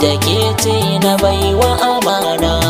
da ce na baiwa amana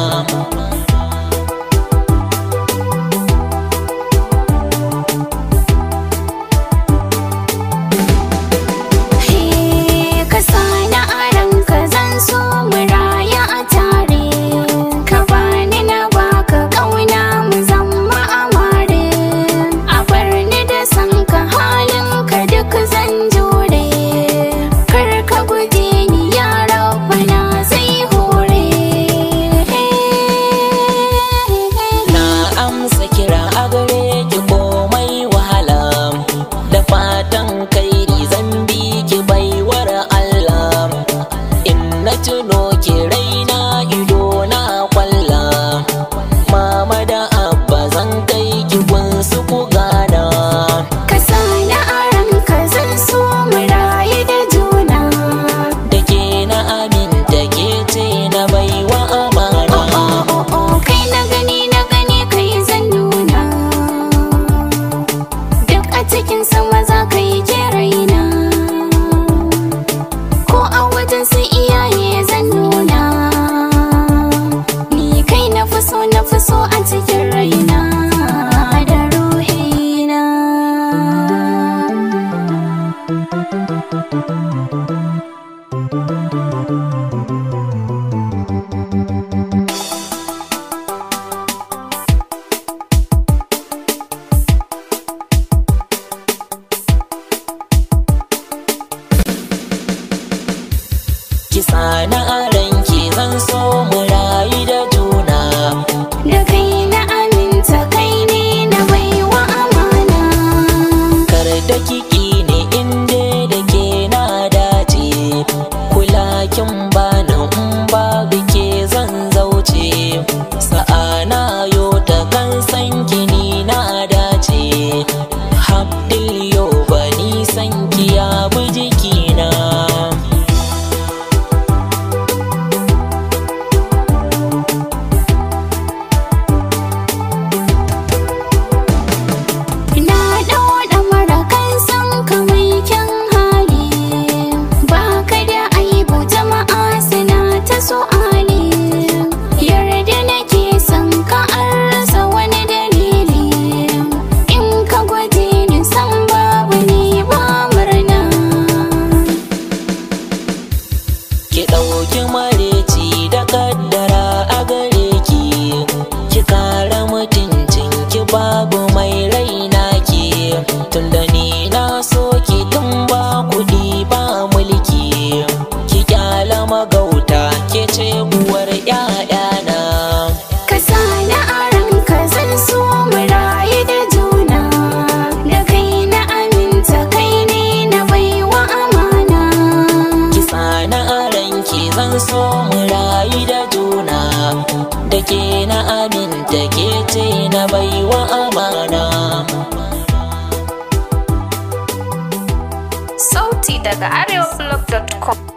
ta so a cikin raina da ruhina Kisa na Wow. www.arewblog.com.